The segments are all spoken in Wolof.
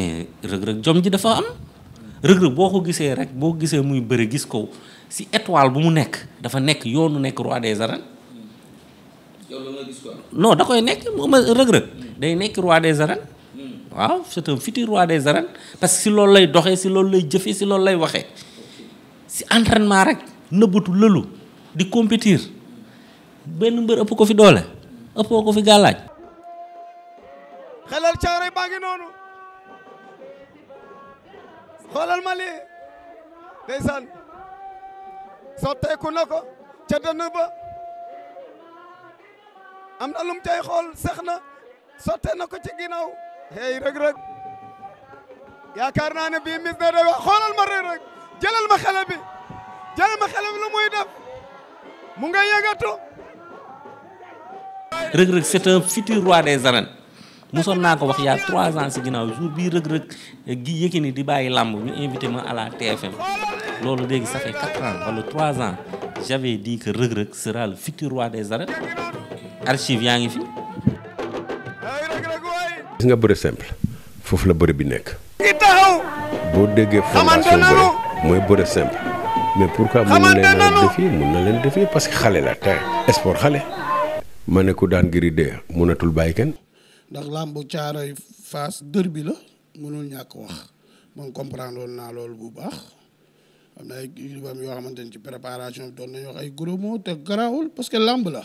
mais rëg-rëg jom ji dafa am rëg-rëg boo ko gisee rek boo gisee muy bëri gis ko si étoile bu mu nekk dafa nekk yoonu nekk roi des arènes non da koy nekk moom rëg-rëg day nekk roi des arènes hmm. waaw c'est un futur roi des arènes parce que si loolu lay doxee si loolu lay jëfee si loolu lay waxee si entraînement rek nëbbutu lëlu di compétir benn mbër ëpp ko fi doole ëppoo ko fi gàllaaj xelal caaroy baa ngi noonu xoolal ma lii ndeysaan sotteeku na ko ca dënn ba am na lum cay xool sex na sotte na ko ci ginnaaw hey rëg-rëg yaakaar naa ne bii mis ne day wax xoolal ma rëg-rëg jëlal ma xele bi jëlal ma xele bi lu muy def mu nga yëngatu rëg-rëg c'est un futur roi des arènes mosoon naa ko wax yaa trois ans si ginnaaw jour bii rëg-rëg gi Yékini di bàyyi làmb ñu invité ma à la TFM loolu léegi ça fait quatre trois ans j'avais dit que rëg-rëg sera futur roi des arènes archive yaa ngi fi gis nga bëri simple foofu la bëri bi nekk boo déggee formation bëri mooy bëri simple mais pour que pourquoi mënu leen a défier mun na leen défier parce que xale la te sport xale ma ne ku daan giri dee mënatul bàyyi kenn ndax làmbu caaroy faas dër bi la mënul ñàkk wax man comprendre naa loolu bu baax am na ay yoo xamante ni ci préparation bi doon nañu wax ay gros mots te garaawul parce que làmb la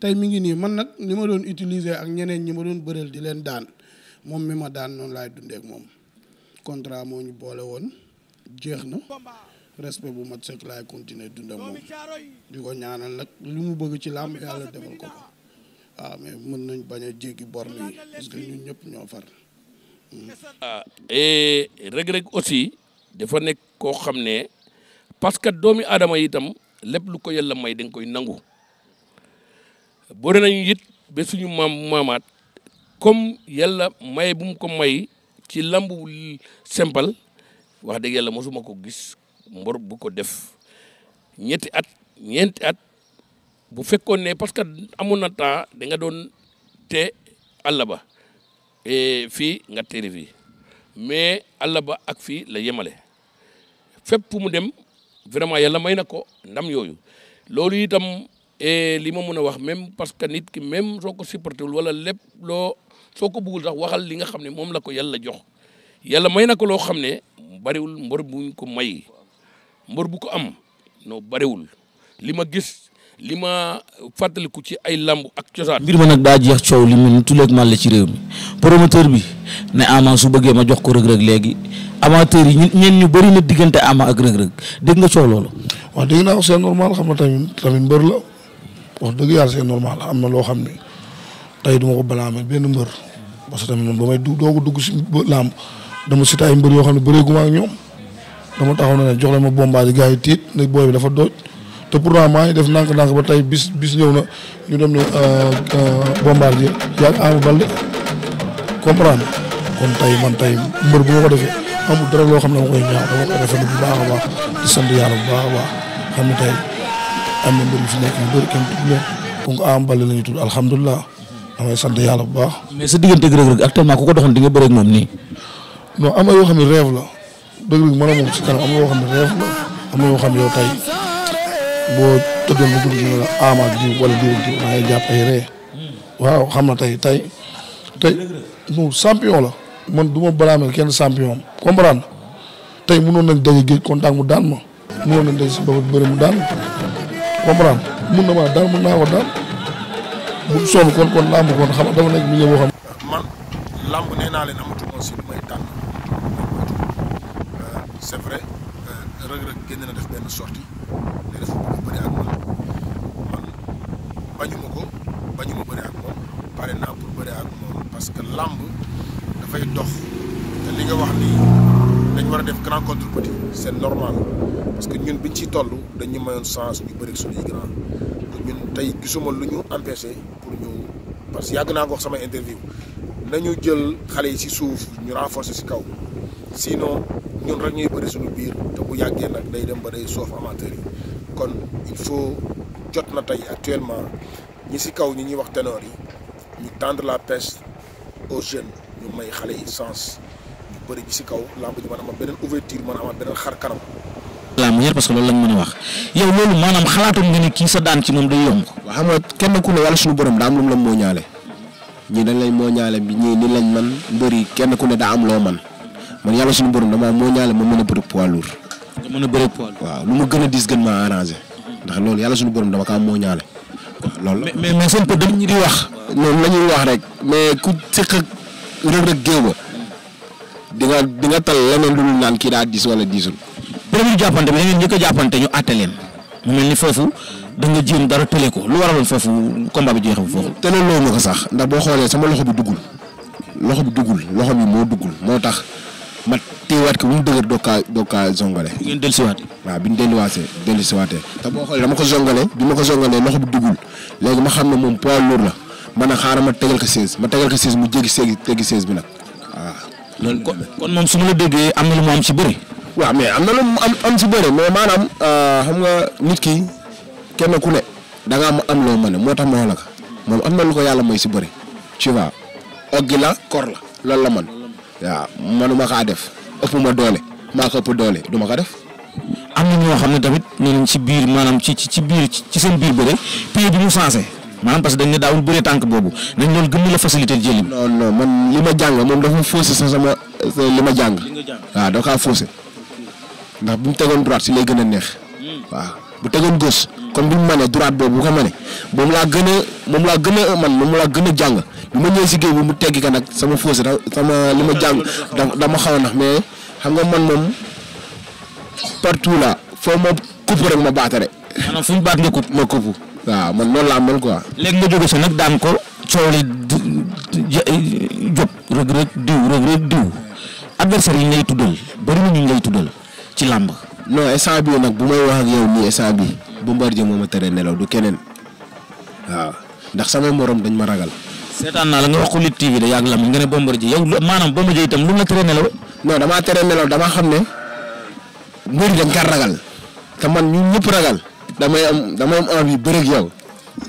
tey mi ngi nii man nag ni ma doon utiliser ak ñeneen ñi ma doon bëreel di leen daan moom mi ma daan noonu laay dundeek moom contrat moo ñu boole woon jeex na respect bu mat sëkk laay continuer dund moom di ko ñaanal nag li mu bëgg ci làmb yàlla demal ko waaw ah, nañu mën nañ bañ a jéggi borne yi parce que ñun ñëpp ñoo far. ah et Reug Reug aussi dafa nekk koo xam ne parce que doomi aadama yi itam lépp lu ko yàlla may dañ koy nangu boole nañu it ba suñu maam maamaat comme yàlla may bu mu ko may ci lambu simple wax dëgg yàlla mosuma ko gis mbor bu ko def ñetti at ñeenti at. bu fekkoon ne parce que amoon na temps da nga doon te àll ba e fii nga teere fii mais àll ba ak fii la yemale fépp mu dem vraiment yàlla may na ko ndam yooyu loolu itam e li ma mën a wax même parce que nit ki même soo ko supporté wul wala lépp loo soo ko bëggul sax waxal li nga xam ne moom la ko yàlla jox yàlla may na ko loo xam ne bariwul mbor buñ ko may mbor bu ko am noo bariwul li gis li ma fàttaliku ci ay lamb ak cosaan. mbir ma nag daa jeex coow li mu tuleeg man la ci réew mi promoteur bi ne Ama su bëggee ma jox ko rëg-rëg léegi amateur yi ñeen ñu bëri diggante Ama ak rëg-rëg dégg nga coow loolu. wax dëgg naa c'est normal xam na mbër la wax dëgg yàlla normal am na loo xam ne tey duma ma ko balaamee benn mbër parce que tamit man ba may dugg dugg si làmb dama si ay mbër yoo xam ne bëreeguma ak ñoom dama taxaw ne jox la ma bombaay gars yi tiit ne booy bi dafa dooj. te pourtant maa ngi def nank ndànk ba tey bis bis ñëw na ñu dem ne euh, euh, bombardier yaag Ama Baldé comprendre kon tey man tey mbër bu ma ko defee amul dara loo xam ne ma koy bu baax a baax di yàlla bu baax a baax xam na mbër yu fi nekk ñu tudd alhamdulilah damay sant yàlla bu baax. mais sa diggante ak Reug Reug actuellement ku ko doxal di nga bëreeg moom nii. non am na yoo xam ne rêve la Reug Reug mën a moom si kanam am na xam ne rêve la am na xam ne yow boo tëddoon ba guddi ñu la amaat jiw wala jiw jiw da jàpp ay ree waaw xam na tey tey tey moom champion la man du ma balaamel kenn champion am comprendre tey mënoon daje géej contact mu daan ma mënoon nañ daje si boppam bëri mu daan comprendre mun na maa daan mun naa ko daan bu sonn kon kon làmb kon xam dafa nekk milieu boo xam. man làmb day def lu bëri ak man man bañu ma ko bañu ma bëri ak moom pare naa pour bëri ak moom parce que làmb dafay dox te li nga wax ni dañ war a def grand contre petit c'est normal parce que ñun biñ ci toll dañu mayoon chance ñu bëri suñuy grand ñun tey gisuma lu ñu empêché pour ñu parce que yàgg naa ko wax sama interview nañu jël xale yi ci suuf ñu renforcer ci kaw sinon. ñun rek ñuy bëri suñu biir te ku yàggee nag day dem ba day soof amateur yi kon il faut jot na tey actuellement ñi si kaw ñi ñuy wax ténor yi ñu tendre la pêche aux jeunes ñu may xale yi sens ñu bëri bi si kaw lamb ji mën a am beneen ouverture mën a amaat beneen xar kanam. lamb yar parce que loolu wax yow loolu maanaam xalaatoon nga ni kii sa daan ci moom day yomb. waaw xam nga kenn ku ne yàlla suñu borom daa am lu la moo ñaale ñii dañ lay moo ñaale bi ñii ni lañ man mbëri kenn ku ne daa am loo man man yàlla suñu borom damaa moo mën a bëri poids lourd. nga mën a bëri poids lourd. lu ma gën a diis gën maa arrangé. ndax loolu yàlla suñu borom dama kaa moo ñaale. loolu la mais mais seen po dañ ñu di wax. loolu la ñuy wax rek mais ku seq ak rëg rëg géew ba di nga di nga tal leneen lu dul naan kii daa diis wala diisul. premier jàppante bi da ngeen ñu jàppante ñu àtte leen mu mel ni foofu da nga jéem dara tële ko lu waraloon foofu combat bi jeexam foofu. te loolu ma ko sax ndax boo xoolee sama loxo bi duggul loxo bi duggul loxo bi moo duggul moo tax ma téewaat waat bu mu dëgër doo kaa doo kaa zongale. bi ngeen dellusiwaatee. waaw bi ñu delluwaatee dellusiwaatee. te boo xoolee dama ko zongalee bi ma ko zongalee loxo bi duggul léegi ma xam ne moom poids lourd la ma ne xaaral ma tegal ko 16 ma tegal ko 16 mu jéggi seegi teggi bi nag waaw. loolu kon kon moom su ma la déggee am na lu mu am si bëri. waaw mais am na lu mu am am si bëri mais maanaam euh, xam nga nit ki kenn ku ne da ngaa am loo ne moo tax ma wax la ko moom am na lu ko yàlla mooy si bari ci vois oggi la kor la loolu la man waaw manuma kaa def ëpp ma doole maa ko ëpp doole du ma ko def. am na ñoo xam ne tamit nee nañ ci biir maanaam ci ci biir ci seen biir bëre pied bi mu sensé maanaam parce que dañ ne daawul bëree tànk boobu dañ doon gën la facilité jëli. non non man li ma jàng moom dafa faussé sa sama li ma jàng. waaw da kaa faussé ndax bu mu tegoon droite si lay gën a neex hmm. waaw bu tegoon gës comme bi mu mënee droite boobu bu ko mënee moom laa gën a moom laa gën a man moom laa gën a jàng. bu ma ñëwee si géej bi mu teggi ka nag sama fausse da sama li ma jàng dama xaw a nax mais xam nga man moom partout la foo ma coupe rek ma baatare. maanaam fu mu baat nga coupe man noonu laa mel quoi. léegi nga jóge sa nag daan ko coow li jóg Reug diw Reug diw adversaire yi ngay tuddal bari na ñu ngay tuddal ci làmb. non instant bii nag bu may wax ak yow bu instant bii Bombardier moo ma tere nelaw du keneen waaw ndax sama moroom dañ ma ragal. seetaan naa la nga wax ko Lutte TV de yàgg Lamine nga ne Bombardier yow maanaam Bombardier itam lu mu la teree nelaw. non teree nelaw damaa xam ne mbir dañ kar ragal man ñun ñëpp ragal damay am damay am envie bëreeg yow.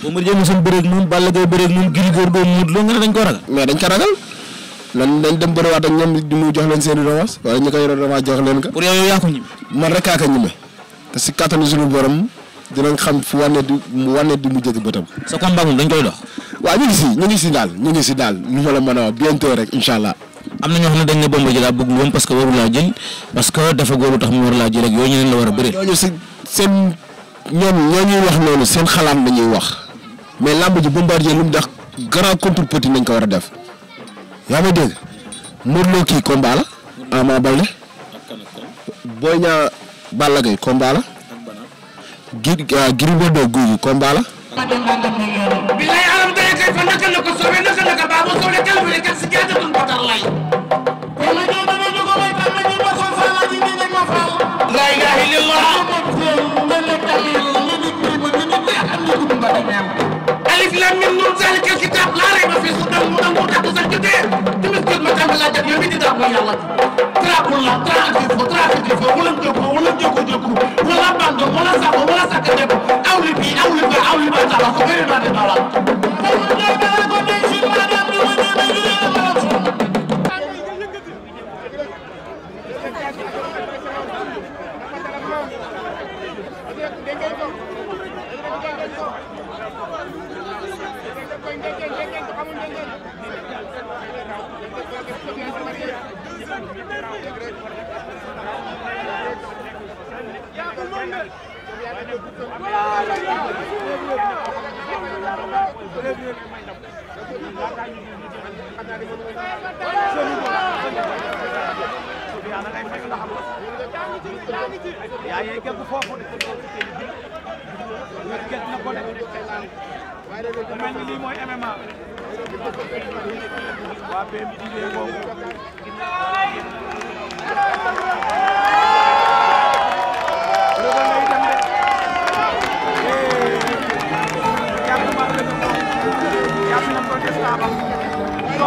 Bombardier mosoon bëreeg moom Balla Gaye bëreeg moom Gris Bordeaux mu Lô nga ne dañ ko ragal. mais dañ ko ragal. nan dañ dem bëriwaat ak ñoom di mu jox leen seen i revanche wala ñu koy revanche jox leen ko. pour yow yow yaa ko ñime. man rek kaa ko ñime te si kattanu borom dinañ xam fu wane di mu wane di mu jëg bëtam. sa combat moom dañ koy dox. waaw ñu ngi si ñu ngi si daal ñu ngi si daal lu ma la mën a wax bientôt rek incha allah. am na ñoo xam ne dañ ne bomba ji daa bëgg woon parce que waru que dafa góoru tax mu war laa jël ak yooyu ñu leen la war a bëri. ñooñu seen ñoom ñoo wax noonu seen xalaat la ñuy wax mais làmb ji bombardier lu mu dax grand contre petit nañ ko war a def yaa ngi dégg Modou Lo kii combat la Ama Baldé Boy Niang Balla Gaye combat la Gris ah, Gris Bordeaux guy gi combat la. bilaay alam day kay fa naka la ko soobee naka la ko baaboo soobee kàlla bu ne kat si gerte doon batar lay. الإسلام من نور ذلك الكتاب لا ريب فيه صدق المنور تحدث الكتاب تمثل متى من لا جد يمين تدابو يلا تراك الله تراك الفيفو تراك الفيفو ولم جوكو ولم جوكو جوكو ولا باندو ولا ساقو ولا ساكتبو أولي بي أولي بي أولي بي تعرفوا غير ما نتعرف فهو لا يكون ليش المعنى yaa ngi gëgg foofu de gëgg na ko de mel ni lii mooy MMA waa BMI di leen boobu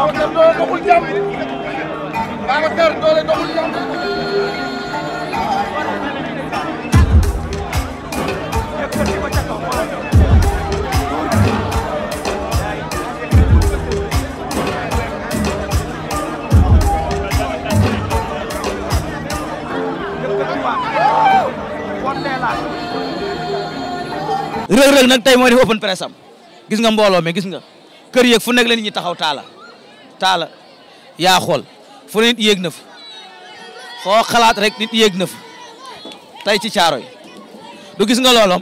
Babacar doole doxul jàmm Babacar nag tey mooy def open press am gis nga mbooloo mi gis nga kër yeeg fu nekk la nit ñi taxaw taala taala yaa xool fu ne nit yéeg na fa foo xalaat rek nit yéeg na fa tey ci caaro yi du gis nga loolom